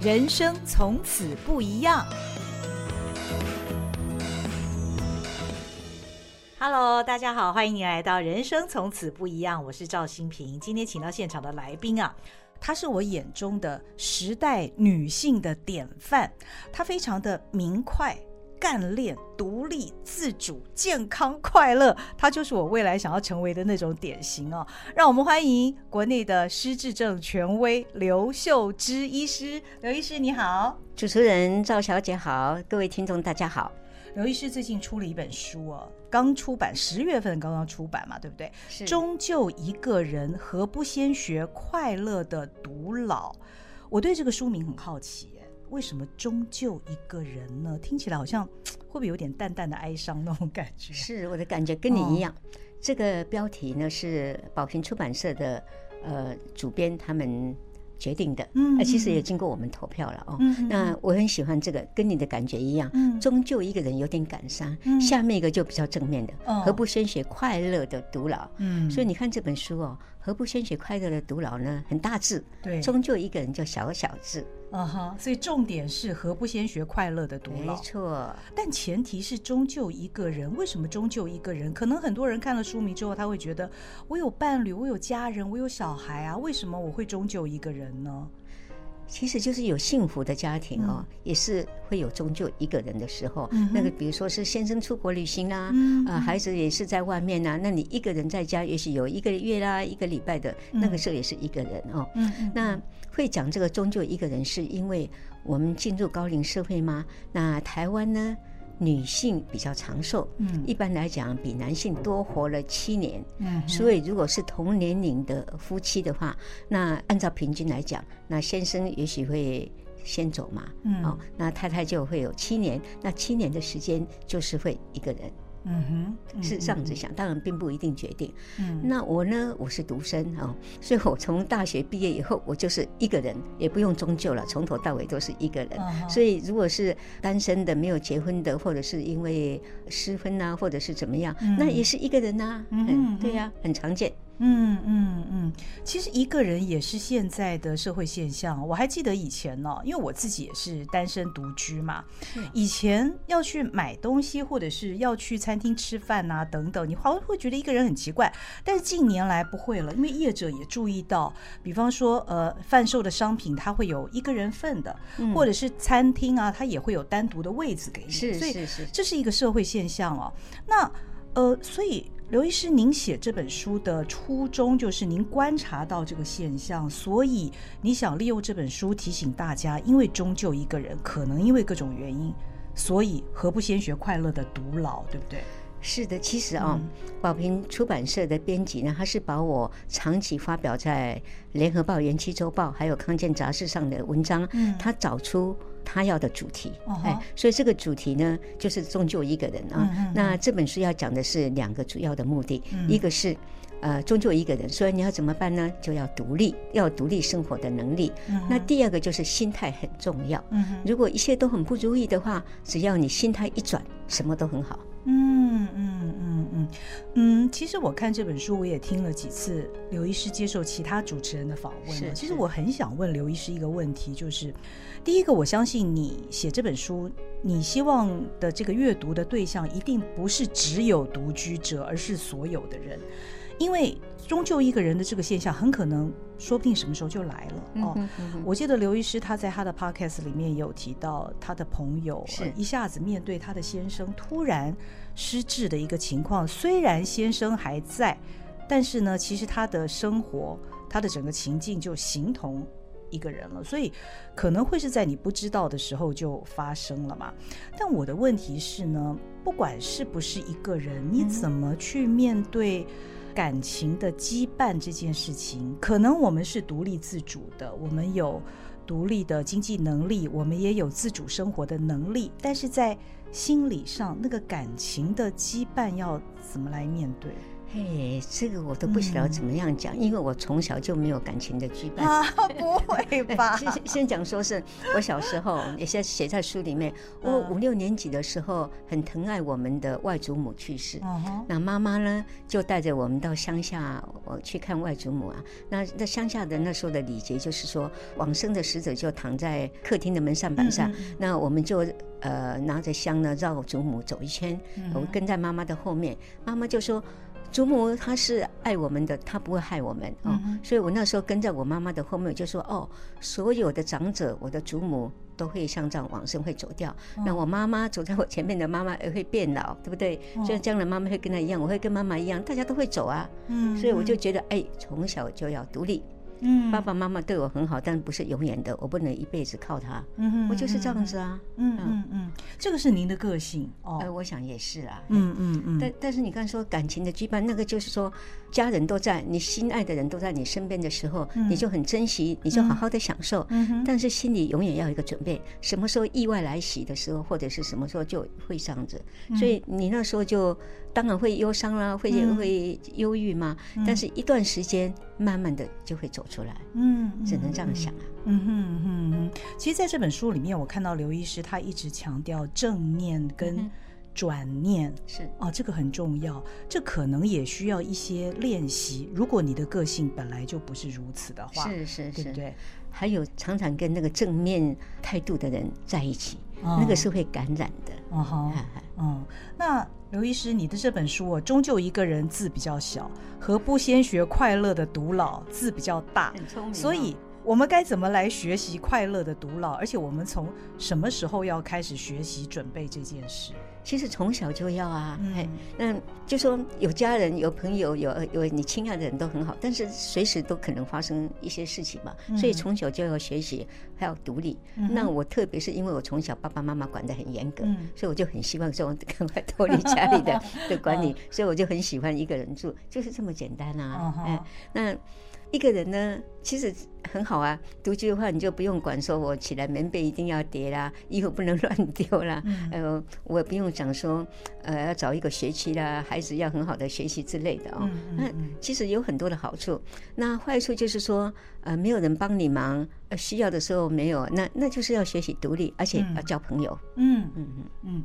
人生從此不一樣。Hello，大家好，歡迎你來到《人生從此不一樣》，我是趙心屏。今天請到現場的來賓啊，她是我眼中的時代女性的典範，她非常的明快。幹練、獨立、自主、健康、快樂，他就是我未來想要成為的那種典型哦。讓我們歡迎國內的失智症權威劉秀枝醫師。劉醫師你好，主持人趙小姐好，各位聽眾大家好。劉醫師最近出了一本書哦、啊，剛出版，十月份剛剛出版嘛，對不對？是。終究一個人何不先學快樂的獨老？我對這個書名很好奇。為什麼終究一個人呢？聽起來好像會不會有點淡淡的哀傷那種感覺？是我的感覺跟你一樣。Oh. 這個標題呢，是寶瓶出版社的呃主編他們決定的，嗯，那其實也經過我們投票了哦。Mm -hmm. 那我很喜歡這個，跟你的感覺一樣。嗯、mm -hmm.，終究一個人有點感傷。Mm -hmm. 下面一個就比較正面的，何、oh. 不先學快樂的獨老？嗯、mm -hmm.，所以你看這本書哦，何不先學快樂的獨老呢？很大字，對，終究一個人叫小小字。嗯哈，所以重點是何不先學快樂的獨老。沒錯，但前提是終究一個人。為什麼終究一個人？可能很多人看了書名之後，他會覺得我有伴侶，我有家人，我有小孩啊，為什麼我會終究一個人呢？其實就是有幸福的家庭哦，嗯、也是會有終究一個人的時候。嗯、那個比如說是先生出國旅行啦、啊嗯，啊，孩子也是在外面啊。那你一個人在家，也許有一個月啦、啊，一個禮拜的、嗯，那個時候也是一個人哦。嗯，那。會講這個終究一個人，是因為我們進入高齡社會嗎？那台灣呢？女性比較長壽，嗯，一般來講比男性多活了七年，嗯，所以如果是同年齡的夫妻的話，那按照平均來講，那先生也許會先走嘛，嗯，哦，那太太就會有七年，那七年的時間就是會一個人。嗯哼，是這樣子想，當然並不一定決定。嗯、mm -hmm.，那我呢？我是獨身啊，所以我從大學畢業以後，我就是一個人，也不用終究了，從頭到尾都是一個人。Uh -huh. 所以，如果是單身的、沒有結婚的，或者是因為失婚啊，或者是怎麼樣，mm -hmm. 那也是一個人吶、啊。嗯，對呀，很常見。Mm -hmm. 嗯嗯嗯，其實一個人也是現在的社會現象。我還記得以前呢、哦，因為我自己也是單身獨居嘛、啊，以前要去買東西或者是要去餐廳吃飯吶、啊、等等，你還會會覺得一個人很奇怪。但是近年來不會了，因為業者也注意到，比方說呃，販售的商品它會有一個人份的、嗯，或者是餐廳啊，它也會有單獨的位置給你，是是是是，所以這是一個社會現象哦。那呃，所以。劉醫師，您寫這本書的初衷就是您觀察到這個現象，所以你想利用這本書提醒大家，因為終究一個人，可能因為各種原因，所以何不先學快樂的獨老，對不對？是的，其實啊、哦嗯，寶平出版社的編輯呢，他是把我長期發表在《聯合報》《元氣周報》還有《康健雜誌》上的文章，嗯，他找出他要的主題，oh. 哎，所以這個主題呢，就是終究一個人啊。Mm -hmm. 那這本書要講的是兩個主要的目的，mm -hmm. 一個是呃，終究一個人，所以你要怎麼辦呢？就要獨立，要獨立生活的能力。Mm -hmm. 那第二個就是心態很重要。Mm -hmm. 如果一切都很不如意的話，只要你心態一轉，什麼都很好。嗯嗯嗯。嗯嗯，其實我看這本書，我也聽了幾次劉醫師接受其他主持人的訪問。是是其實我很想問劉醫師一個問題，就是第一個，我相信你寫這本書，你希望的這個閱讀的對象一定不是只有獨居者，而是所有的人。因為終究一個人的這個現象，很可能說不定什麼時候就來了哦。我記得劉醫師他在他的 podcast 裡面有提到，他的朋友一下子面對他的先生突然失智的一個情況，雖然先生還在，但是呢，其實他的生活，他的整個情境就形同一個人了。所以可能會是在你不知道的時候就發生了嘛。但我的問題是呢，不管是不是一個人，你怎麼去面對？感情的羈絆這件事情，可能我們是獨立自主的，我們有獨立的經濟能力，我們也有自主生活的能力，但是在心理上，那個感情的羈絆要怎麼來面對？哎、hey，這個我都不曉得怎麼樣講。嗯，因為我從小就沒有感情的羈絆啊，不會吧？ 先先講說是我小時候，也寫寫在書裡面，嗯。我五六年級的時候，很疼愛我們的外祖母去世，嗯、那媽媽呢就帶着我們到鄉下，我去看外祖母啊。那那鄉下的那時候的禮節就是說，往生的死者就躺在客廳的門扇板上，嗯嗯，那我們就呃拿着香呢繞祖母走一圈，嗯、我跟在媽媽的後面，媽媽就說。祖母她是愛我們的，她不會害我們啊、嗯。所以，我那時候跟在我媽媽的後面，我就說：“哦，所有的長者，我的祖母都會像這樣往生，會走掉。嗯、那我媽媽走在我前面的媽媽也會變老，對不對？嗯、所以，將來媽媽會跟她一樣，我會跟媽媽一樣，大家都會走啊。嗯、所以，我就覺得，哎、欸，從小就要獨立。”嗯，爸爸媽媽對我很好，但不是永遠的，我不能一輩子靠他。嗯，嗯，我就是這樣子啊。嗯嗯嗯，這個是您的個性哦。哎、嗯呃，我想也是啊。嗯嗯嗯，但但是你剛說感情的羈絆，那個就是說。家人都在，你心愛的人都在你身邊的時候，嗯、你就很珍惜，你就好好的享受。嗯嗯、但是心裡永遠要有一個準備，什麼時候意外來襲的時候，或者是什麼時候就會傷着。嗯、所以你那時候就當然會憂傷啦，會、嗯、會憂鬱嘛、嗯。但是一段時間慢慢的就會走出來。嗯，嗯只能這樣想啊。嗯哼哼哼。其實在這本書裡面，我看到劉醫師他一直強調正念跟、嗯。嗯嗯轉念是哦，這個很重要，這可能也需要一些練習。如果你的個性本來就不是如此的話，是是是對，不對。還有常常跟那個正面態度的人在一起，哦、那個是會感染的。哦、嗯哦嗯，那劉醫師，你的這本書哦、啊，終究一個人字比較小，何不先學快樂的獨老字比較大，很聰明、哦。所以我們該怎麼來學習快樂的獨老？而且我們從什麼時候要開始學習準備這件事？其實從小就要啊，嗯、哎，那就說有家人、有朋友、有有你親愛的人都很好，但是隨時都可能發生一些事情嘛，嗯、所以從小就要學習還要獨立、嗯。那我特別是因為我從小爸爸媽媽管得很嚴格、嗯，所以我就很希望說我趕快脫離家裡的 的管理，所以我就很喜歡一個人住， 就是這麼簡單啊，嗯、哎，那。一個人呢，其實很好啊。獨居的話，你就不用管，說我起來，棉被一定要疊啦，衣服不能亂丟啦、嗯。呃，我不用講說，呃，要找一個學期啦，孩子要很好的學習之類的那、哦嗯嗯嗯、其實有很多的好處。那壞處就是說，呃，沒有人幫你忙，需要的時候沒有，那那就是要學習獨立，而且要交朋友。嗯嗯嗯嗯。嗯嗯嗯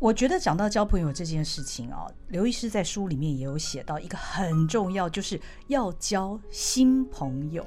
我覺得講到交朋友這件事情啊，劉醫師在書裡面也有寫到一個很重要，就是要交新朋友。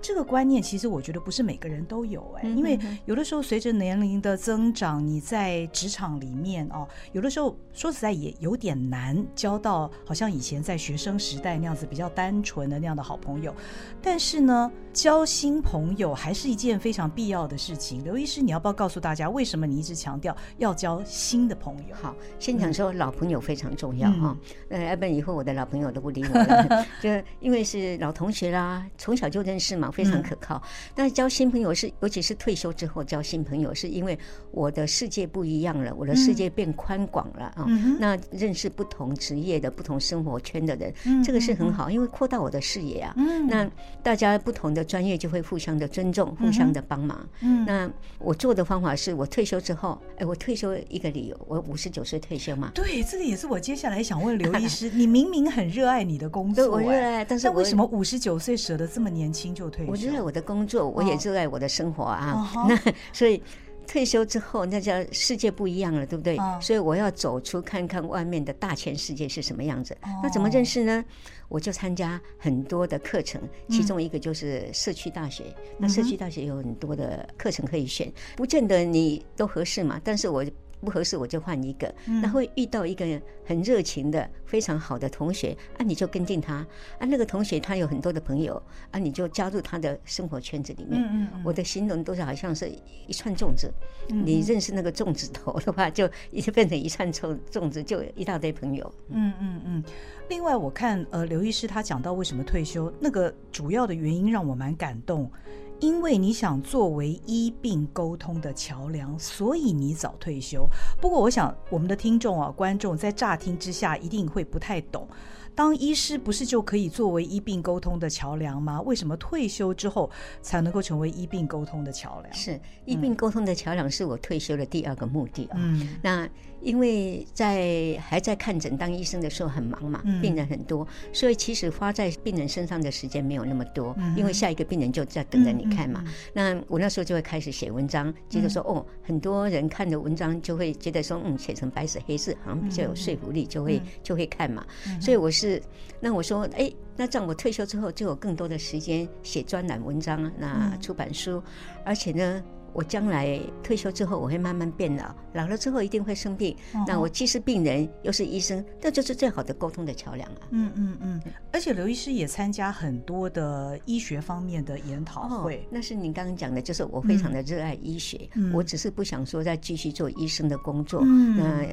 這個觀念其實我覺得不是每個人都有哎、欸，因為有的時候隨着年齡的增長，你在職場裡面哦，有的時候說實在也有點難交到好像以前在學生時代那樣子比較單純的那樣的好朋友。但是呢，交新朋友還是一件非常必要的事情。劉醫師，你要不要告訴大家為什麼你一直強調要交新的朋友？好，先講說老朋友非常重要啊、哦。那要不然以後我的老朋友都不理我了， 就因為是老同學啦，從小就認識嘛。非常可靠。嗯、但是交新朋友是，尤其是退休之後交新朋友，是因為我的世界不一樣了，我的世界變寬廣了啊、嗯哦嗯。那認識不同職業的不同生活圈的人，嗯、這個是很好、嗯，因為擴大我的視野啊、嗯。那大家不同的專業就會互相的尊重，嗯、互相的幫忙、嗯。那我做的方法是我退休之後，哎，我退休一個理由，我五十九歲退休嘛。對，這個也是我接下來想問劉醫師， 你明明很熱愛你的工作、欸對，我熱愛，但是但為什麼五十九歲舍得這麼年輕就退休？我熱愛我的工作，我也熱愛我的生活啊、哦。那所以退休之後，那叫世界不一樣了，對不對、哦？所以我要走出看看外面的大千世界是什麼樣子、哦。那怎麼認識呢？我就參加很多的課程，其中一個就是社區大學。嗯、那社區大學有很多的課程可以選、嗯，不見得你都合適嘛。但是我。不合適我就換一個，那會遇到一個很熱情的、非常好的同學啊，你就跟進他啊。那個同學他有很多的朋友啊，你就加入他的生活圈子裡面。我的形容都是好像是一串粽子，你認識那個粽子頭的話，就變成一串粽粽子，就一大堆朋友嗯。嗯嗯嗯。另外，我看呃劉醫師他講到為什麼退休，那個主要的原因讓我蠻感動。因為你想作為醫病溝通的橋梁，所以你早退休。不過，我想我們的聽眾啊、觀眾在乍聽之下一定會不太懂，當醫師不是就可以作為醫病溝通的橋梁嗎？為什麼退休之後才能夠成為醫病溝通的橋梁？是，醫病溝通的橋梁是我退休的第二個目的。嗯，那。因為在還在看診當醫生的時候很忙嘛，嗯、病人很多，所以其實花在病人身上的時間沒有那麼多，嗯，因為下一個病人就在等着你看嘛。嗯、那我那時候就會開始寫文章，接着說、嗯、哦，很多人看的文章就會覺得說，嗯，寫成白紙黑字好像比較有說服力，就會、嗯、就會看嘛，嗯。所以我是，那我說，哎、欸，那這樣我退休之後就有更多的時間寫專欄文章，那出版書，嗯、而且呢。我將來退休之後，我會慢慢變老，老了之後一定會生病。哦、那我既是病人又是醫生，這就是最好的溝通的橋樑啊！嗯嗯嗯。而且劉醫師也參加很多的醫學方面的研討會、哦。那是您剛剛講的，就是我非常的熱愛醫學、嗯，我只是不想說再繼續做醫生的工作。嗯。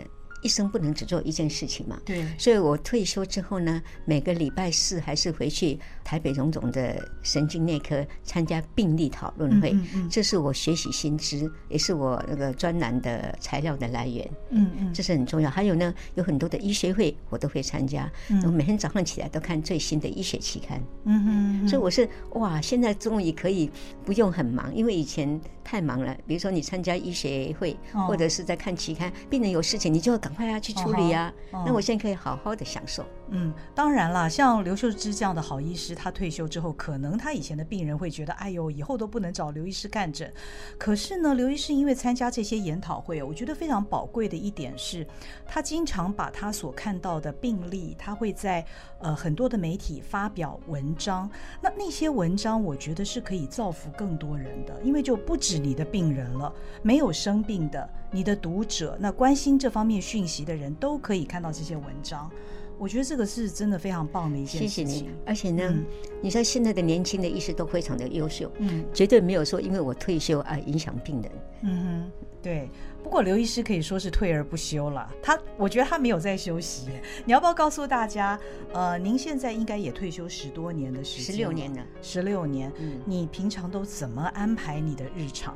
一生不能只做一件事情嘛？對。所以我退休之後呢，每個禮拜四還是回去台北榮總的神經內科參加病例討論會。嗯嗯嗯，這是我學習新知，也是我那個專欄的材料的來源。嗯嗯，這是很重要。還有呢，有很多的醫學會我都會參加。嗯嗯，我每天早上起來都看最新的醫學期刊。嗯、嗯、嗯、嗯、所以我是哇，現在終於可以不用很忙，因為以前太忙了。比如說你參加醫學會，或者是在看期刊，哦、病人有事情你就要趕。快要、啊、去處理啊！Uh-huh. Uh-huh. 那我現在可以好好的享受。嗯，當然啦。像劉秀枝這樣的好醫師，他退休之後，可能他以前的病人會覺得，哎呦，以後都不能找劉醫師干診。可是呢，劉醫師因為參加這些研討會，我覺得非常寶貴的一點是，他經常把他所看到的病例，他會在呃很多的媒體發表文章。那那些文章，我覺得是可以造福更多人的，因為就不止你的病人了，嗯、沒有生病的你的讀者，那關心這方面訊息的人都可以看到這些文章。我覺得這個是真的非常棒的一件事情，謝謝你，而且呢，嗯、你說現在的年輕的醫師都非常的優秀，嗯，絕對沒有說因為我退休而、啊、影響病人，嗯哼，對。不過劉醫師可以說是退而不休了，他我覺得他沒有在休息。你要不要告訴大家，呃，您現在應該也退休十多年的時間，十六年呢？十六年、嗯，你平常都怎麼安排你的日常？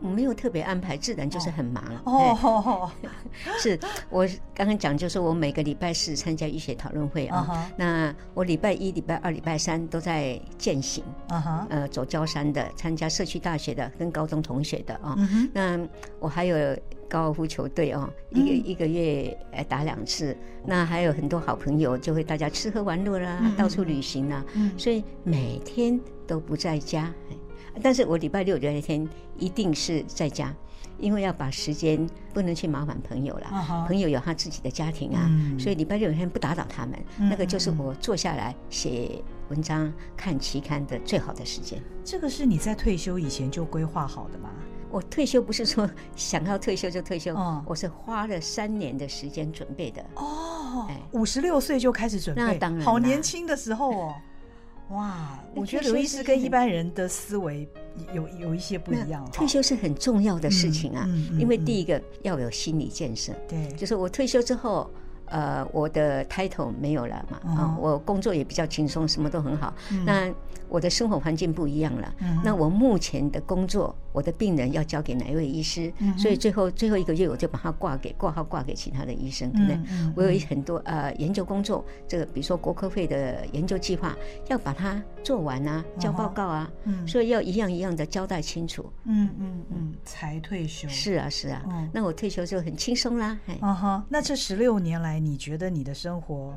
沒有特別安排，自然就是很忙哦。哎、哦 是，我剛剛講就是我每個禮拜四參加醫學討論會啊、哦嗯。那我禮拜一、禮拜二、禮拜三都在健行啊、嗯。呃，走郊山的，參加社區大學的，跟高中同學的啊、哦嗯。那我還有高爾夫球隊哦，一個、嗯、一個月打兩次。那還有很多好朋友，就會大家吃喝玩樂啦，嗯、到處旅行啦、啊嗯。所以每天都不在家。但是我禮拜六、禮拜天一定是在家，因為要把時間不能去麻煩朋友了。Uh -huh. 朋友有他自己的家庭啊，uh -huh. 所以禮拜六、禮拜天不打擾他們。Uh -huh. 那個就是我坐下來寫文章、看期刊的最好的時間。這個是你在退休以前就規劃好的嗎？我退休不是說想要退休就退休，oh. 我是花了三年的時間準備的。哦、oh. 哎，五十六歲就開始準備。那當然，好年輕的時候哦。哇，我覺得劉醫師跟一般人的思維有有一些不一樣。退休是很重要的事情啊，嗯嗯嗯嗯，因為第一個要有心理建設。對，就是我退休之後，呃，我的 title 沒有了嘛，哦，啊，我工作也比較輕鬆，什麼都很好。嗯，那我的生活環境不一樣了、嗯，那我目前的工作。我的病人要交給哪一位醫師，嗯、所以最後最後一個月我就把他掛給掛號掛給其他的醫生，對不對？我有很多、嗯、呃研究工作，這個比如說國科會的研究計劃要把它做完啊，嗯、交報告啊、嗯，所以要一樣一樣的交代清楚。嗯嗯嗯，嗯，才退休。是啊是啊、嗯，那我退休就很輕鬆啦。嘿嗯哈那這十六年來，你覺得你的生活？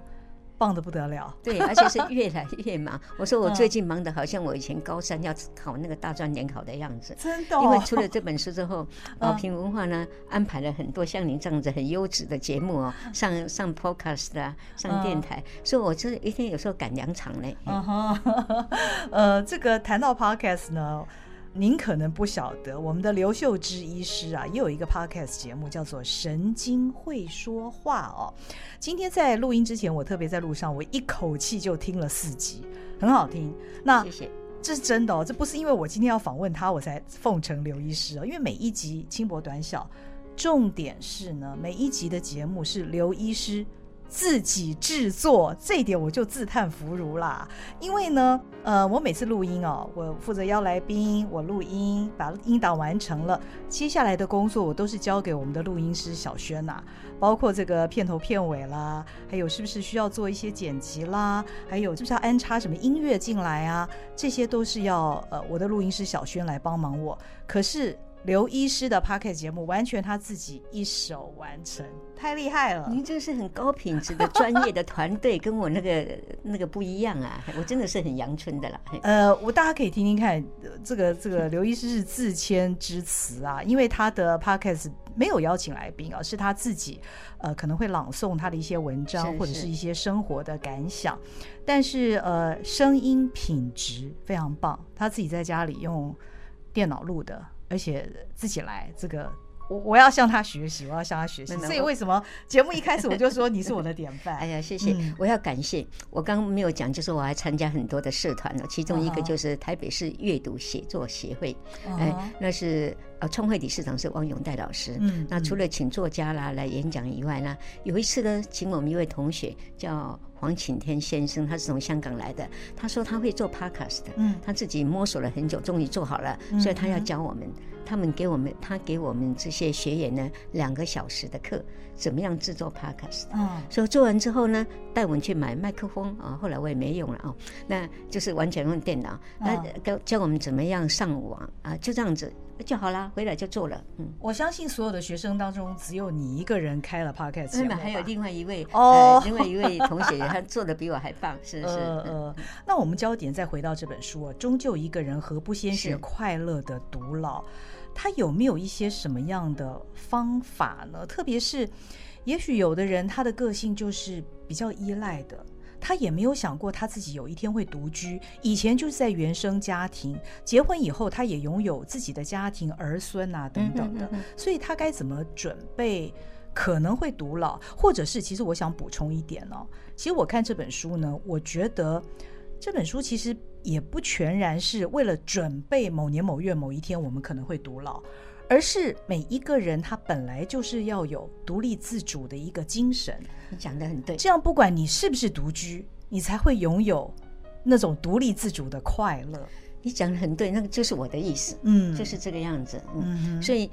棒的不得了，對，而且是越來越忙。 我說我最近忙得好像我以前高三要考那個大專聯考的樣子，嗯、真的、哦。因為出了這本書之後，寶瓶文化呢、嗯、安排了很多像您這樣子很優質的節目哦，上上 podcast 啊，上電台，嗯、所以我真的一天有時候趕兩場嘞。嗯哼， 呃，這個談到 podcast 呢。您可能不曉得，我們的劉秀枝醫師啊，又有一個 podcast 節目，叫做《神經會說話》哦。今天在錄音之前，我特別在路上，我一口氣就聽了四集，很好聽。那謝謝，這是真的哦，這不是因為我今天要訪問他，我才奉承劉醫師啊、哦。因為每一集輕薄短小，重點是呢，每一集的節目是劉醫師。自己製作，這一點我就自嘆弗如啦，因為呢，呃，我每次錄音哦，我負責邀來賓，我錄音，把音檔完成了，接下來的工作我都是交給我們的錄音師小軒吶啊，包括這個片頭片尾啦，還有是不是需要做一些剪輯啦，還有是不是要安插什麼音樂進來啊，這些都是要呃我的錄音師小軒來幫忙我，可是劉醫師的 Podcast 節目完全他自己一手完成，太厲害了！您就是很高品質的 專業的團隊，跟我那個那個不一樣啊！我真的是很陽春的啦。呃，我大家可以聽聽看，這個這個劉醫師是自謙之詞啊， 因為他的 Podcast 沒有邀請來賓啊，是他自己，呃，可能會朗誦他的一些文章是是或者是一些生活的感想，但是呃，聲音品質非常棒，他自己在家裡用電腦錄的。而且自己來，這個我我要向他學習，我要向他學習。 所以為什麼節目一開始我就說你是我的典範？ 哎呀，謝謝、嗯，我要感謝。我剛剛沒有講，就是我還參加很多的社團呢，其中一個就是台北市閱讀寫作協會。哦，哎，那是呃創會理事長是汪永岱老師。嗯，那除了請作家啦、嗯、來演講以外呢，有一次呢，請我們一位同學叫。黃擎天先生，他是從香港來的。他說他會做 Podcast，他自己摸索了很久，終於做好了，所以他要教我們。.他們給我們，他給我們這些學員呢，兩個小時的課，怎麼樣製作 Podcast？嗯，所、so, 以做完之後呢，帶我們去買麥克風啊、哦。後來我也沒用了啊、哦，那就是完全用電腦。那、嗯、教、啊、教我們怎麼樣上網啊，就這樣子就好了，回來就做了。嗯，我相信所有的學生當中，只有你一個人開了 Podcast。另外還有另外一位哦、哎，另外一位同學 他做的比我還棒。是不是呃，呃，那我們焦點再回到這本書啊，終究一個人何不先學快樂的獨老？他有沒有一些什麼樣的方法呢？特別是，也許有的人他的個性就是比較依賴的，他也沒有想過他自己有一天會獨居。以前就是在原生家庭，結婚以後他也擁有自己的家庭、兒孫啊等等的，所以他該怎麼準備？可能會獨老，或者是，其實我想補充一點呢、哦，其實我看這本書呢，我覺得。這本書其實也不全然是為了準備某年某月某一天我們可能會獨老，而是每一個人他本來就是要有獨立自主的一個精神。你講得很對，這樣不管你是不是獨居，你才會擁有那種獨立自主的快樂。你講得很對，那個就是我的意思，嗯，就是這個樣子，嗯，嗯哼，所以。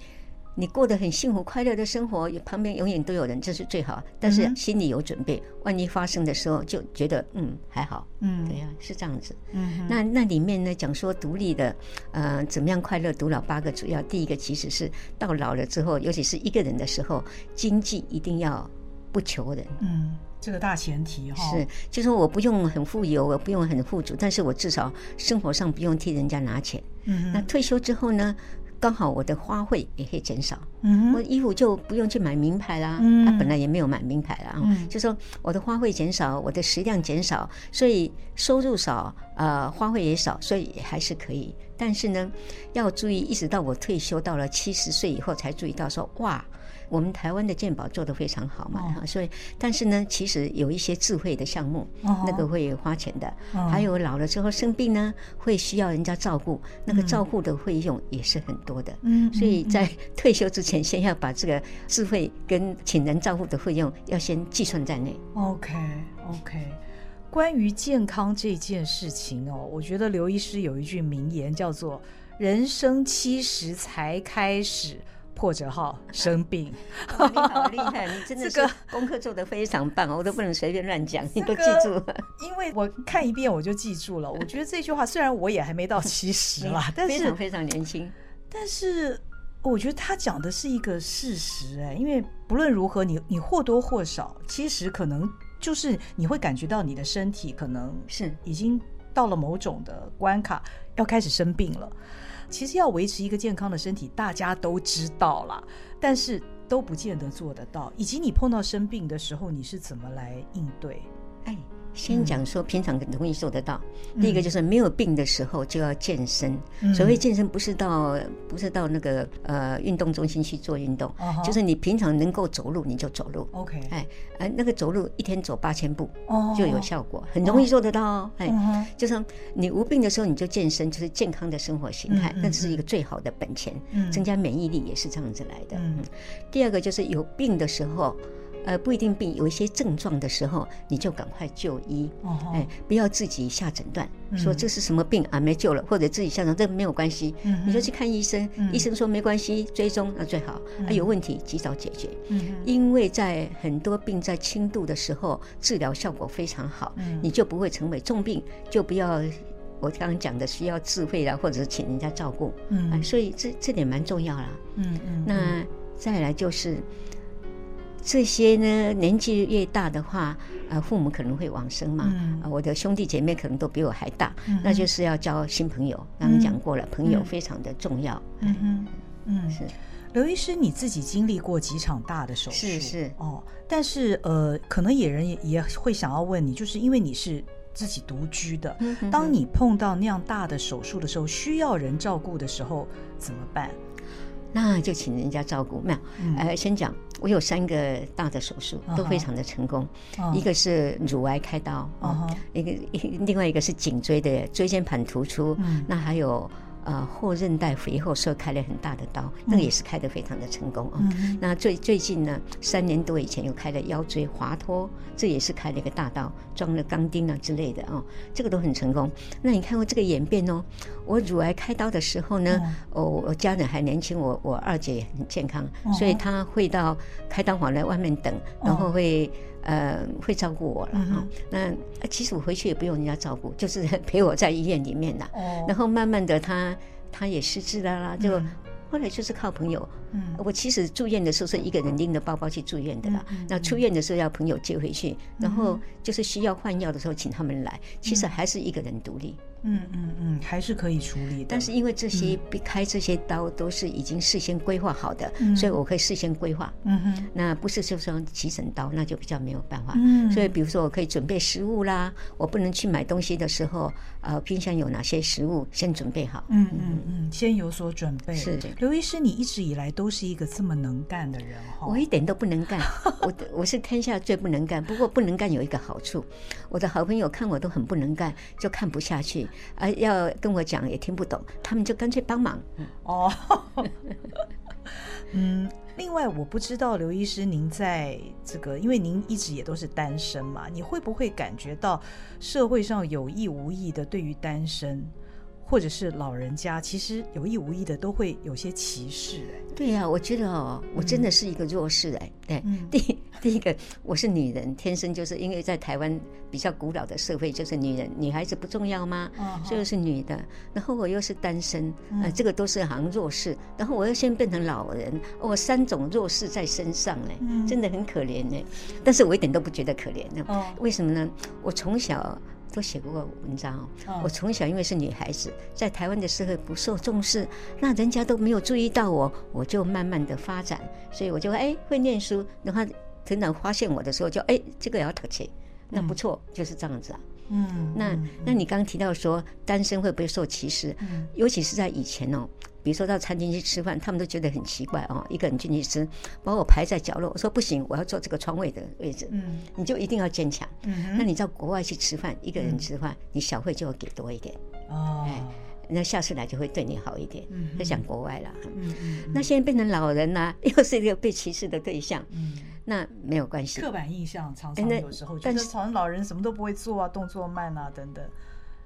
你過得很幸福、快樂的生活，旁邊永遠都有人，這是最好。但是心裡有準備，mm -hmm. 萬一發生的時候，就覺得嗯還好。嗯、mm -hmm.，對呀、啊，是這樣子。嗯、mm -hmm.，那那裡面呢，講說獨立的，呃，怎麼樣快樂獨老八個主要，第一個其實是到老了之後，尤其是一個人的時候，經濟一定要不求人。嗯，這個大前提哈。是，就說我不用很富有，我不用很富足，但是我至少生活上不用替人家拿錢。嗯、mm -hmm.，那退休之後呢？剛好我的花費也可以減少，mm -hmm. 我衣服就不用去買名牌啦，他、mm -hmm. 啊、本來也沒有買名牌啦，mm -hmm. 就說我的花費減少，我的食量減少，所以收入少，呃，花費也少，所以還是可以。但是呢，要注意，一直到我退休到了七十歲以後才注意到說，哇。我們台灣的健保做得非常好嘛，oh. 所以但是呢，其實有一些智慧的項目，oh. 那個會花錢的，oh. 還有老了之後生病呢，會需要人家照顧，oh. 那個照顧的費用也是很多的。嗯、oh.，所以在退休之前，先要把這個智慧跟請人照顧的費用要先計算在內。OK OK，關於健康這件事情哦，我覺得劉醫師有一句名言叫做“人生七十才開始”。破折號生病， 好厲害！你真的這個功課做的非常棒、 這個，我都不能隨便亂講，這個，你都記住了。因為我看一遍我就記住了。我覺得這句話雖然我也還沒到七十了 非常非常，但是非常年輕。但是我覺得他講的是一個事實哎、欸，因為不論如何，你你或多或少，其實可能就是你會感覺到你的身體可能是已經到了某種的關卡，要開始生病了。其實要維持一個健康的身體，大家都知道了，但是都不見得做得到。以及你碰到生病的時候，你是怎麼來應對？哎。先講說，平常很容易做得到、嗯。第一個就是沒有病的時候就要健身。嗯、所謂健身，不是到不是到那個呃運動中心去做運動、哦，就是你平常能夠走路你就走路。OK，、哦哎、那個走路一天走八千步就有效果、哦，很容易做得到、哦哦哎哦。就是你無病的時候你就健身，就是健康的生活形態、嗯嗯，那是一個最好的本錢、嗯。增加免疫力也是這樣子來的。嗯嗯、第二個就是有病的時候。呃，不一定病有一些症狀的時候，你就趕快就醫，oh. 哎，不要自己下診斷，oh. 說這是什麼病啊，沒救了，或者自己下診斷沒有關係，mm -hmm. 你說去看醫生，mm -hmm. 醫生說沒關係，追蹤那最好，mm -hmm. 啊，有問題及早解決，mm -hmm. 因為在很多病在輕度的時候，治療效果非常好，mm -hmm. 你就不會成為重病，就不要我剛剛講的需要自費了，或者是請人家照顧，mm -hmm. 哎，所以這這點蠻重要啦。嗯、mm、嗯 -hmm.，那再來就是。這些呢，年紀越大的話，呃，父母可能會往生嘛、嗯。我的兄弟姐妹可能都比我還大，嗯、那就是要交新朋友。嗯、剛剛講過了、嗯，朋友非常的重要。嗯哼，嗯是。劉醫師，你自己經歷過幾場大的手術？是是哦，但是呃，可能有人也也會想要問你，就是因為你是自己獨居的、嗯，當你碰到那樣大的手術的時候，需要人照顧的時候怎麼辦？那就請人家照顧。沒有，嗯呃、先講。我有三個大的手術，都非常的成功。Uh -huh. Uh -huh. 一個是乳癌開刀，uh -huh. 一個另外一個是頸椎的椎間盤突出，uh -huh. 那還有。呃，後韌帶肥厚，所以開了很大的刀，那、嗯，這個也是開得非常的成功啊、嗯。那最最近呢，三年多以前又開了腰椎滑脫，這也是開了一個大刀，裝了鋼釘啊之類的啊、哦，這個都很成功。那你看過這個演變哦？我乳癌開刀的時候呢，我、嗯、我家人還年輕，我我二姐也很健康，嗯、所以他會到開刀房來外面等，嗯、然後會。呃，會照顧我了哈。那、uh -huh. 啊、其實我回去也不用人家照顧，就是陪我在醫院裡面的。Uh -huh. 然後慢慢的他，他他也失智了啦，就、uh -huh. 後來就是靠朋友。Uh -huh. 我其實住院的時候是一個人拎着包包去住院的啦。Uh -huh. 那出院的時候要朋友接回去，uh -huh. 然後就是需要換藥的時候請他們來。Uh -huh. 其實還是一個人獨立。嗯嗯嗯，還是可以處理的。但是因為這些、嗯、開這些刀都是已經事先規劃好的、嗯，所以我可以事先規劃。嗯哼，那不是就是說急診刀，那就比較沒有辦法。嗯，所以比如說我可以準備食物啦，嗯、我不能去買東西的時候，呃，冰箱有哪些食物先準備好。嗯嗯嗯，先有所準備。是，劉醫師，你一直以來都是一個這麼能幹的人哈。我一點都不能幹，我 我是天下最不能幹。不過不能幹有一個好處，我的好朋友看我都很不能幹，就看不下去。啊，要跟我講也聽不懂，他們就乾脆幫忙。哦、oh. 嗯。另外，我不知道劉醫師，您在這個，因為您一直也都是單身嘛，你會不會感覺到社會上有意無意的對於單身，或者是老人家，其實有意無意的都會有些歧視、欸。哎，對呀、啊，我覺得哦、嗯，我真的是一個弱勢人、欸。對，嗯、第一第一個，我是女人，天生就是因為在台灣比較古老的社會，就是女人、女孩子不重要嗎？所以我是女的。然後我又是單身，啊、嗯呃，這個都是行弱勢。然後我又先變成老人，我、哦、三種弱勢在身上嘞、欸嗯，真的很可憐嘞、欸。但是我一點都不覺得可憐呢、啊哦。為什麼呢？我從小。我寫過個文章哦。Oh. 我從小因為是女孩子，在台灣的社會不受重視，那人家都沒有注意到我，我就慢慢的發展。所以我就哎、欸、會念書，然他成長發現我的時候，就哎、欸、這個也要特切，mm. 那不錯，就是這樣子啊。嗯、mm -hmm.，那那你剛剛提到說單身會不會受歧視，mm -hmm. 尤其是在以前哦。比如說到餐廳去吃飯，他們都覺得很奇怪哦，一個人進去吃，把我排在角落。我說不行，我要坐這個窗位的位置。嗯，你就一定要堅強。嗯，那你到國外去吃飯，嗯、一個人吃飯，嗯、你小費就會給多一點。哦，哎，那下次來就會對你好一點。嗯，就講國外了。嗯，那現在變成老人呢、啊、又是一個被歧視的對象。嗯，那沒有關係。刻板印象常常有時候，但是老人，老人什麼都不會做啊，動作慢啊等等。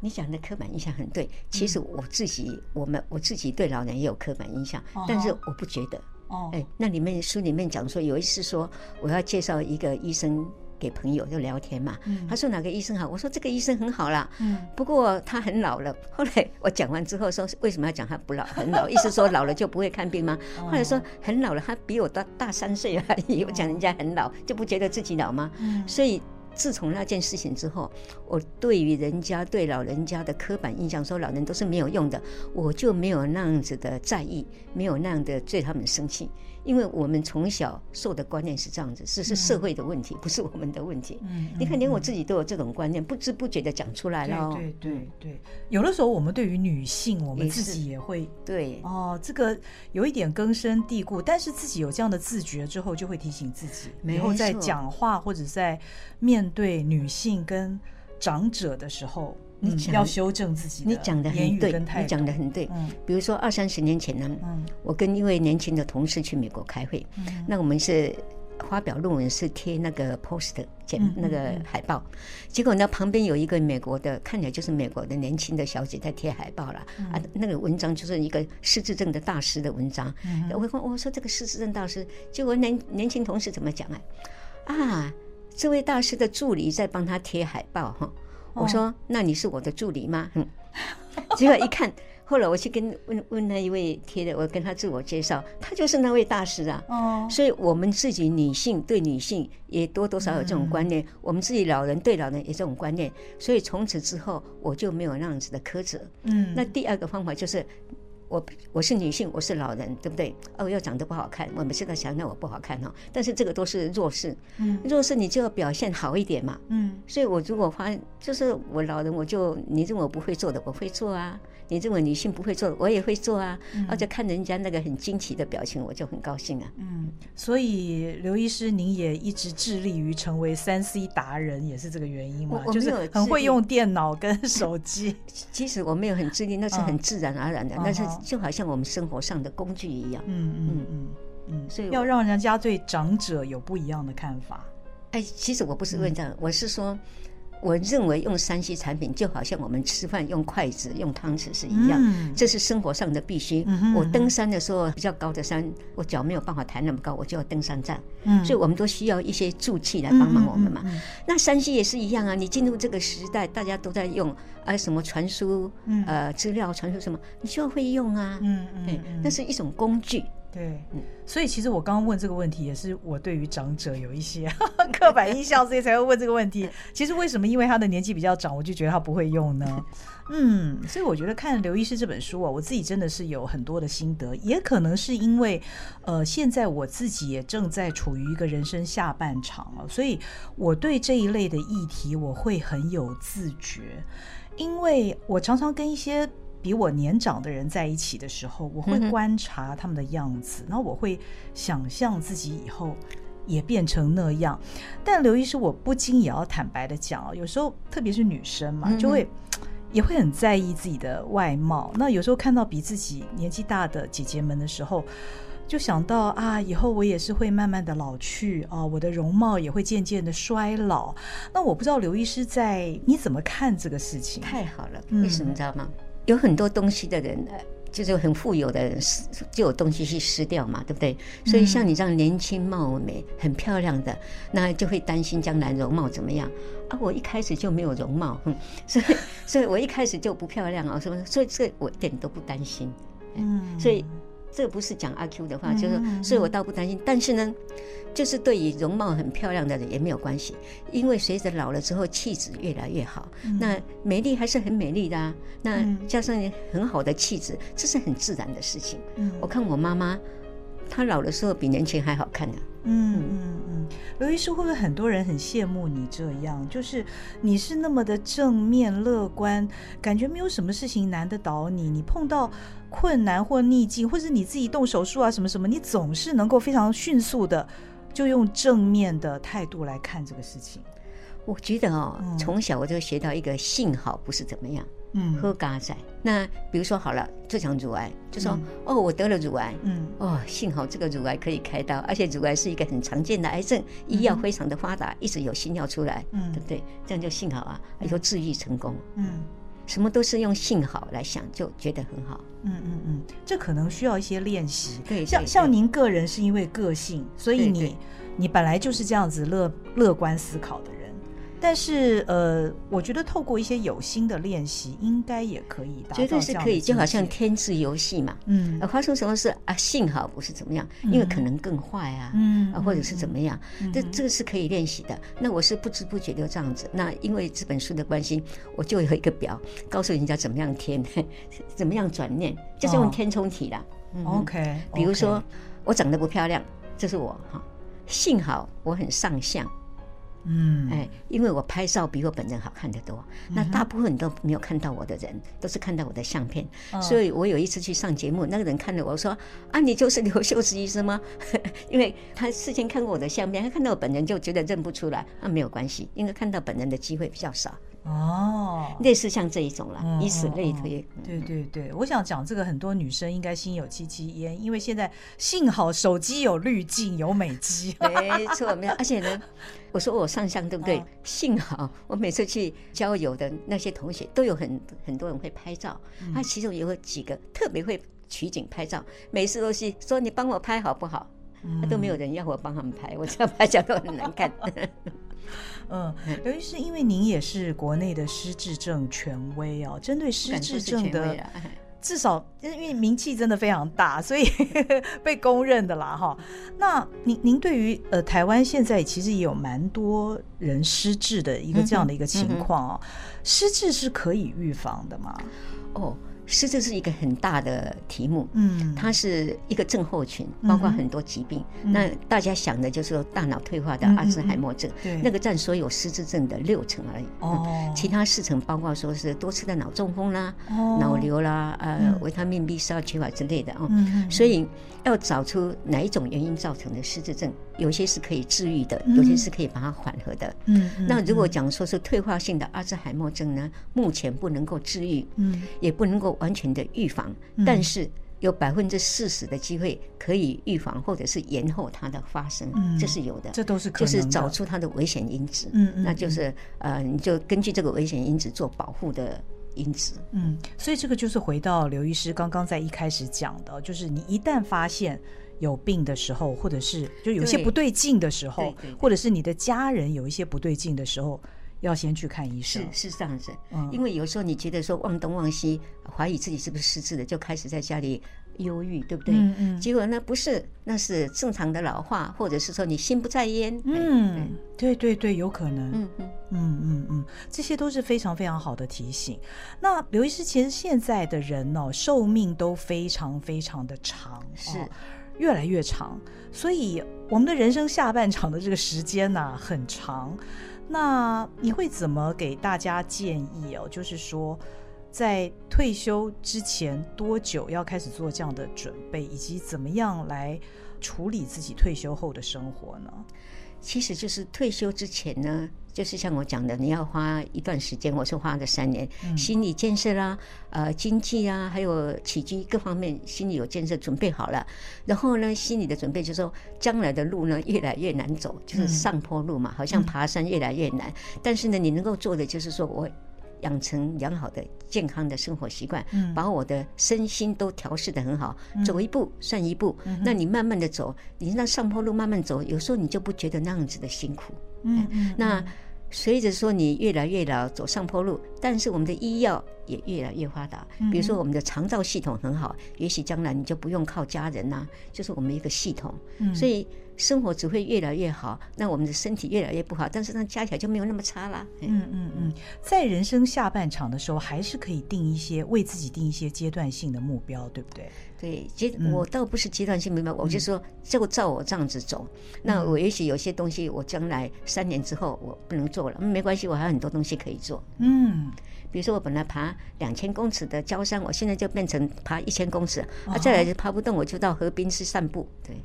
你講的刻板印象很對，其實我自己、嗯、我們我自己對老人也有刻板印象、嗯，但是我不覺得。哦，欸、那裡面書裡面講說，有一次說我要介紹一個醫生給朋友就聊天嘛、嗯，他說哪個醫生好？我說這個醫生很好啦、嗯，不過他很老了。後來我講完之後說為什麼要講他不老很老？ 意思說老了就不會看病嗎？ 後來說很老了，他比我大大三歲了也不講人家很老就不覺得自己老嗎？嗯，所以。自從那件事情之後，我對於人家對老人家的刻板印象說，說老人都是沒有用的，我就沒有那樣子的在意，沒有那樣的對他們生氣。因為我們從小受的觀念是這樣子，是是社會的問題、嗯，不是我們的問題。嗯，你看，連我自己都有這種觀念，不知不覺的講出來了。對對對，對，有的時候我們對於女性，我們自己也會也對哦、呃，這個有一點根深蒂固，但是自己有這樣的自覺之後，就會提醒自己沒，以後在講話或者在面對女性跟長者的時候。你要修正自己，你講得很對，你講得很對，嗯。比如說二三十年前呢，嗯，我跟一位年輕的同事去美國開會，嗯，那我們是發表論文是貼那個 post，嗯，那個海報，嗯嗯，結果呢，旁邊有一個美國的，看起來就是美國的年輕的小姐在貼海報啦，嗯，啊，那個文章就是一個失智症的大師的文章，嗯，我我問我說這個失智症大師，結果年年輕同事怎麼講啊？啊，這位大師的助理在幫他貼海報，哈。我說：“那你是我的助理嗎？” oh. 嗯、結果一看，後來我去跟問問那一位貼的，我跟他自我介紹，他就是那位大師啊。哦、oh.，所以我們自己女性對女性也多多少少有這種觀念，mm. 我們自己老人對老人也這種觀念，所以從此之後我就沒有那樣子的苛責。嗯、mm.，那第二個方法就是。我我是女性，我是老人，對不對？哦，要長得不好看，我們現在想，那我不好看哦。但是這個都是弱勢，弱勢你就要表現好一點嘛。嗯，所以我如果發，就是我老人，我就你認為我不會做的，我會做啊。你認為女性不會做，我也會做啊！而、嗯、且、啊、看人家那個很驚奇的表情，我就很高興啊。嗯，所以劉醫師，您也一直致力於成為三 C 達人，也是這個原因嗎？我我就是很會用電腦跟手機。其實我沒有很致力，那是很自然而然的，嗯、那是就好像我們生活上的工具一樣。嗯嗯嗯嗯，所以我要讓人家對長者有不一樣的看法。哎，其實我不是問這樣、嗯，我是說。我認為用 3C 產品就好像我們吃飯用筷子、用湯匙是一樣，這是生活上的必需。我登山的時候，比較高的山，我腳沒有辦法抬那麼高，我就要登山杖。所以，我們都需要一些助器來幫忙我們嘛。那 3C 也是一樣啊，你進入這個時代，大家都在用啊，什麼傳輸呃資料、傳輸什麼，你就要會用啊。嗯嗯，那是一種工具。對，所以其實我剛剛問這個問題，也是我對於長者有一些呵呵刻板印象，所以才會問這個問題。其實為什麼？因為他的年紀比較長，我就覺得他不會用呢。嗯，所以我覺得看劉醫師這本書啊，我自己真的是有很多的心得。也可能是因為，呃，現在我自己也正在處於一個人生下半場了。所以我對這一類的議題我會很有自覺，因為我常常跟一些比我年長的人在一起的時候，我會觀察他們的樣子，那、嗯、我會想象自己以後也變成那樣。但劉醫師，我不禁也要坦白的講，有時候特別是女生嘛，嗯、就會也會很在意自己的外貌。那有時候看到比自己年紀大的姐姐們的時候，就想到啊，以後我也是會慢慢的老去啊，我的容貌也會漸漸的衰老。那我不知道劉醫師在你怎麼看這個事情？太好了，為什麼知道嗎？嗯有很多東西的人，就是很富有的人，就有東西去失掉嘛，對不對？Mm -hmm. 所以像你這樣年輕貌美、很漂亮的，那就會擔心將來容貌怎麼樣啊？我一開始就沒有容貌，嗯，所以，所以我一開始就不漂亮啊，是不是？所以，這我一點都不擔心，嗯、mm -hmm.，所以。這不是講阿 Q 的話，就是，所以我倒不擔心，嗯嗯嗯。但是呢，就是對於容貌很漂亮的人也沒有關係，因為隨着老了之後，氣質越來越好，嗯嗯，那美麗還是很美麗的啊。那加上很好的氣質，這是很自然的事情。嗯嗯，我看我媽媽。他老的時候比年輕還好看呢，啊。嗯嗯嗯，劉、嗯、醫師會不會很多人很羨慕你這樣？就是你是那麼的正面樂觀，感覺沒有什麼事情難得倒你。你碰到困難或逆境，或是你自己動手術啊什麼什麼，你總是能夠非常迅速的就用正面的態度來看這個事情。我覺得哦，從、嗯、小我就學到一個，幸好不是怎麼樣。嗯，喝咖仔。那比如說好了，就像乳癌，就說、嗯、哦，我得了乳癌，嗯，哦，幸好這個乳癌可以開刀，嗯、而且乳癌是一個很常見的癌症、嗯，醫藥非常的發達，一直有新藥出來，嗯，對不對？這樣就幸好啊，還說治癒成功，嗯，什麼都是用幸好來想，就覺得很好。嗯嗯嗯，這可能需要一些練習。對，對對，像像您個人是因為個性，所以你你本來就是這樣子樂樂觀思考的人。但是呃，我覺得透過一些有心的練習，應該也可以吧？絕對是可以，就好像填字遊戲嘛。嗯，發生什麼事啊？幸好不是怎麼樣，嗯，因為可能更壞啊。嗯，啊，或者是怎麼樣？嗯，這這個是可以練習的。那我是不知不覺就這樣子。嗯，那因為這本書的關係，我就有一個表，告訴人家怎麼樣填，怎麼樣轉念，哦，就是用填充題啦，哦嗯。OK，比如說，OK，我長得不漂亮，這，就是我哈。幸好我很上相。嗯，哎，因為我拍照比我本人好看得多，那大部分都沒有看到我的人，都是看到我的相片。所以，我有一次去上節目，那個人看了我說：“啊，你就是劉秀枝醫師嗎？” 因為他事先看過我的相片，他看到我本人就覺得認不出來。那、啊、沒有關係，因為看到本人的機會比較少。哦，類似像這一種啦，哦、以此類推。對對對，嗯、我想講這個，很多女生應該心有戚戚焉，因為現在幸好手機有濾鏡，有美肌。沒錯，沒有。而且呢， 我說我上相對不對、哦？幸好我每次去郊遊的那些同學，都有很很多人會拍照，他、嗯啊、其中有幾個特別會取景拍照，每次都是說你幫我拍好不好？嗯啊、都沒有人要我幫他們拍，我這樣拍照都很難看。 嗯，由、嗯、於是因為您也是國內的失智症權威哦，針對失智症的，啊，至少因為名氣真的非常大，所以 被公認的啦哈、哦。那您您對於呃台灣現在其實也有蠻多人失智的一個這樣的一個情況哦、嗯嗯，失智是可以預防的嗎？哦。失智是一個很大的題目，嗯，它是一個症候群，包括很多疾病。嗯嗯、那大家想的就是說，大腦退化的阿茲海默症，嗯嗯，那個占所有失智症的六成而已。哦、嗯，其他四成包括說是多次的腦中風啦，哦、嗯，腦瘤啦、嗯，呃，維他命 B 十二缺乏之類的哦、嗯，嗯。所以要找出哪一種原因造成的失智症。有些是可以治癒的，有些是可以把它緩和的。嗯，那如果講說是退化性的阿茲海默症呢，嗯、目前不能夠治癒，嗯，也不能夠完全的預防、嗯，但是有百分之四十的機會可以預防或者是延後它的發生，嗯、這是有的。這都是可以的，就是找出它的危險因子，嗯，那就是呃，你就根據這個危險因子做保護的因子，嗯，所以這個就是回到劉醫師剛剛在一開始講的，就是你一旦發現。有病的時候，或者是就有些不對勁的時候，或者是你的家人有一些不對勁的時候，要先去看醫生。是是這樣子，嗯，因為有時候你覺得說忘東忘西，懷疑自己是不是失智了，就開始在家裡憂鬱，對不對？嗯嗯。結果呢，不是，那是正常的老化，或者是說你心不在焉。嗯，對對對，對，對，有可能。嗯嗯嗯嗯嗯，這些都是非常非常好的提醒。那劉醫師，其實現在的人哦，壽命都非常非常的長。哦、是。越來越長，所以我們的人生下半場的這個時間呢、啊，很長。那你會怎麼給大家建議哦？就是說，在退休之前多久要開始做這樣的準備，以及怎麼樣來處理自己退休後的生活呢？其實就是退休之前呢，就是像我講的，你要花一段時間，我是花個三年、嗯、心理建設啦，呃，經濟啊，還有起居各方面心理有建設準備好了，然後呢，心理的準備就是說，將來的路呢越來越難走，就是上坡路嘛，嗯、好像爬山越來越難、嗯，但是呢，你能夠做的就是說我。養成良好的健康的生活習慣、嗯，把我的身心都調適得很好、嗯，走一步算一步、嗯。那你慢慢的走，你讓上坡路慢慢走，有時候你就不覺得那樣子的辛苦。嗯，嗯，嗯、欸，那隨着說你越來越老，走上坡路，但是我們的醫藥。也越來越發達，比如說我們的長照系統，很好，嗯、也許將來你就不用靠家人吶、啊，就是我們一個系統、嗯，所以生活只會越來越好。那我們的身體越來越不好，但是呢，加起來就沒有那麼差了。嗯嗯嗯，在人生下半場的時候，還是可以定一些為自己定一些階段性的目標，對不對？對，我倒不是階段性目標，嗯、我就說就照我這樣子走，嗯、那我也許有些東西我將來三年之後我不能做了，沒關係，我還有很多東西可以做。嗯。比如說，我本來爬兩千公尺的郊山，我現在就變成爬一千公尺。哦、啊，再來就爬不動，我就到河濱去散步。對，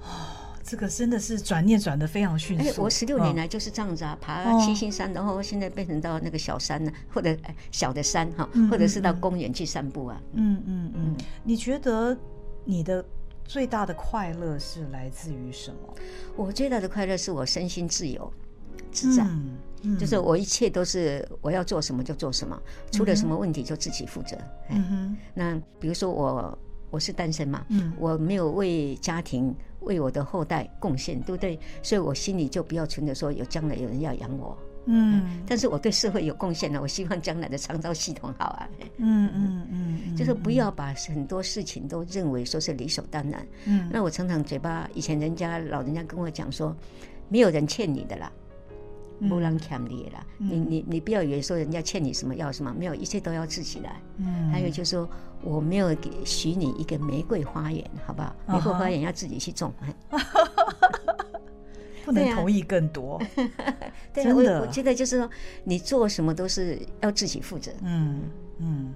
哦，這個真的是轉念轉得非常迅速。我十六年來就是這樣子啊，哦、爬七星山，然後現在變成到那個小山呢、啊哦，或者、哎、小的山哈、啊嗯嗯嗯，或者是到公園去散步啊。嗯嗯嗯，嗯。你覺得你的最大的快樂是來自於什麼？我最大的快樂是我身心自由自在。就是我一切都是我要做什麼就做什麼，出、mm -hmm. 了什麼問題就自己負責。嗯、mm、哼 -hmm.。那比如說我我是單身嘛，mm -hmm. 我沒有為家庭為我的後代貢獻，對不對？所以我心裡就不要存着說有將來有人要養我。嗯、mm -hmm.。但是我對社會有貢獻了，我希望將來的長照系統好啊。嗯嗯、mm -hmm. 嗯。就是不要把很多事情都認為說是理所當然。嗯、mm -hmm.。那我常常嘴巴以前人家老人家跟我講說，沒有人欠你的啦。沒人欠你的啦、嗯，你你你不要以為說人家欠你什麼要什麼，沒有一切都要自己來。嗯，還有就是說，我沒有給許你一個玫瑰花園，好不好？玫瑰花園要自己去種。Uh -huh. 不能同意更多。 對、啊，我我覺得就是說，你做什麼都是要自己負責。嗯嗯。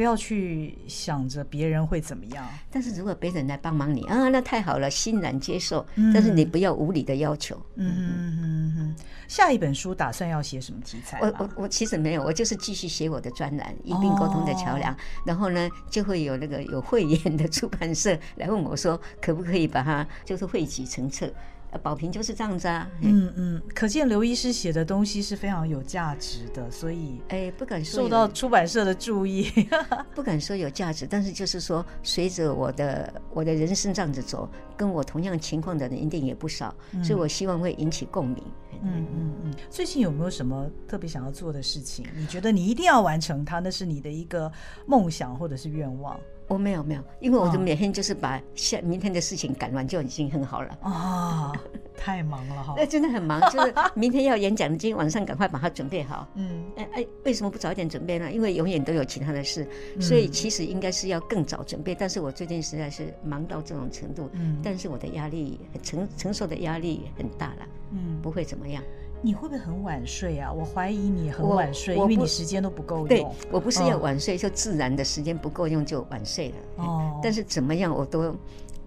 不要去想着別人會怎麼樣，但是如果別人來幫忙你，啊，那太好了，欣然接受、嗯。但是你不要無理的要求。嗯嗯嗯嗯。下一本書打算要寫什麼題材？我我我其實沒有，我就是繼續寫我的專欄《一併溝通的橋梁》哦。然後呢，就會有那個有慧眼的出版社來問我說，可不可以把它就是匯集成冊。寶瓶就是這樣子啊，嗯嗯，嗯，可見劉醫師寫的東西是非常有價值的，所以哎不敢受到出版社的注意，欸、不敢說有價 值，但是就是說，隨着我的我的人生這樣子走，跟我同樣情況的人一定也不少，嗯，所以我希望會引起共鳴。嗯嗯嗯，嗯，最近有沒有什麼特別想要做的事情？你覺得你一定要完成它，那是你的一個夢想或者是願望？我、哦、沒有沒有，因為我就每天就是把下明天的事情趕完就已經很好了啊，哦！太忙了哈，哦， 那真的很忙，就是明天要演講的，今天晚上趕快把它準備好。嗯，哎哎，為什麼不早一點準備呢？因為永遠都有其他的事，所以其實應該是要更早準備，嗯。但是我最近實在是忙到這種程度，嗯，但是我的壓力承承受的壓力很大了，嗯，不會怎麼樣。你會不會很晚睡啊？我懷疑你很晚睡，因為你時間都不夠用。對，我不是要晚睡，oh. 就自然的時間不夠用就晚睡了。哦、oh.，但是怎麼樣我都，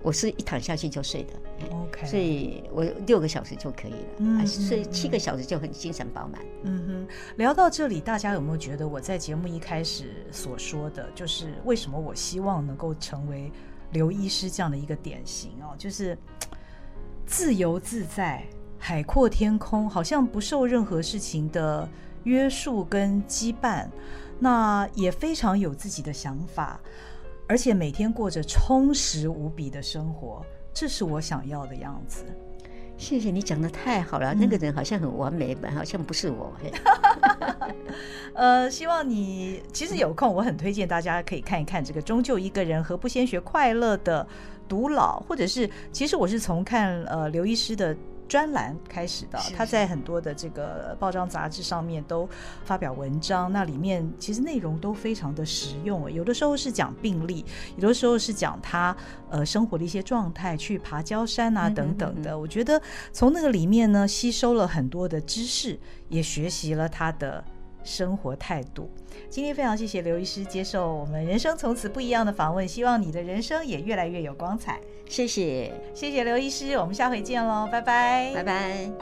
我是一躺下去就睡的。OK，所以我六個小時就可以了，還是睡、mm -hmm. 七個小時就很精神飽滿。嗯哼，聊到這裡，大家有沒有覺得我在節目一開始所說的就是為什麼我希望能夠成為劉醫師這樣的一個典型哦？就是自由自在。海闊天空，好像不受任何事情的約束跟羈絆，那也非常有自己的想法，而且每天過着充實無比的生活，這是我想要的樣子。謝謝你講得太好了、嗯，那個人好像很完美，好像不是我。 呃，希望你其實有空，我很推薦大家可以看一看這個《終究一個人》何《不先學快樂的獨老》，或者是其實我是從看呃劉醫師的專欄開始的是是，他在很多的這個報章雜誌上面都發表文章，那裡面其實內容都非常的實用，有的時候是講病例，有的時候是講他呃生活的一些狀態，去爬郊山啊等等的。嗯嗯嗯，我覺得從那個裡面呢，吸收了很多的知識，也學習了他的生活態度。今天非常謝謝劉醫師接受我們《人生從此不一樣》的訪問，希望你的人生也越來越有光彩。謝謝，謝謝劉醫師，我們下回見嘍，拜拜，拜拜。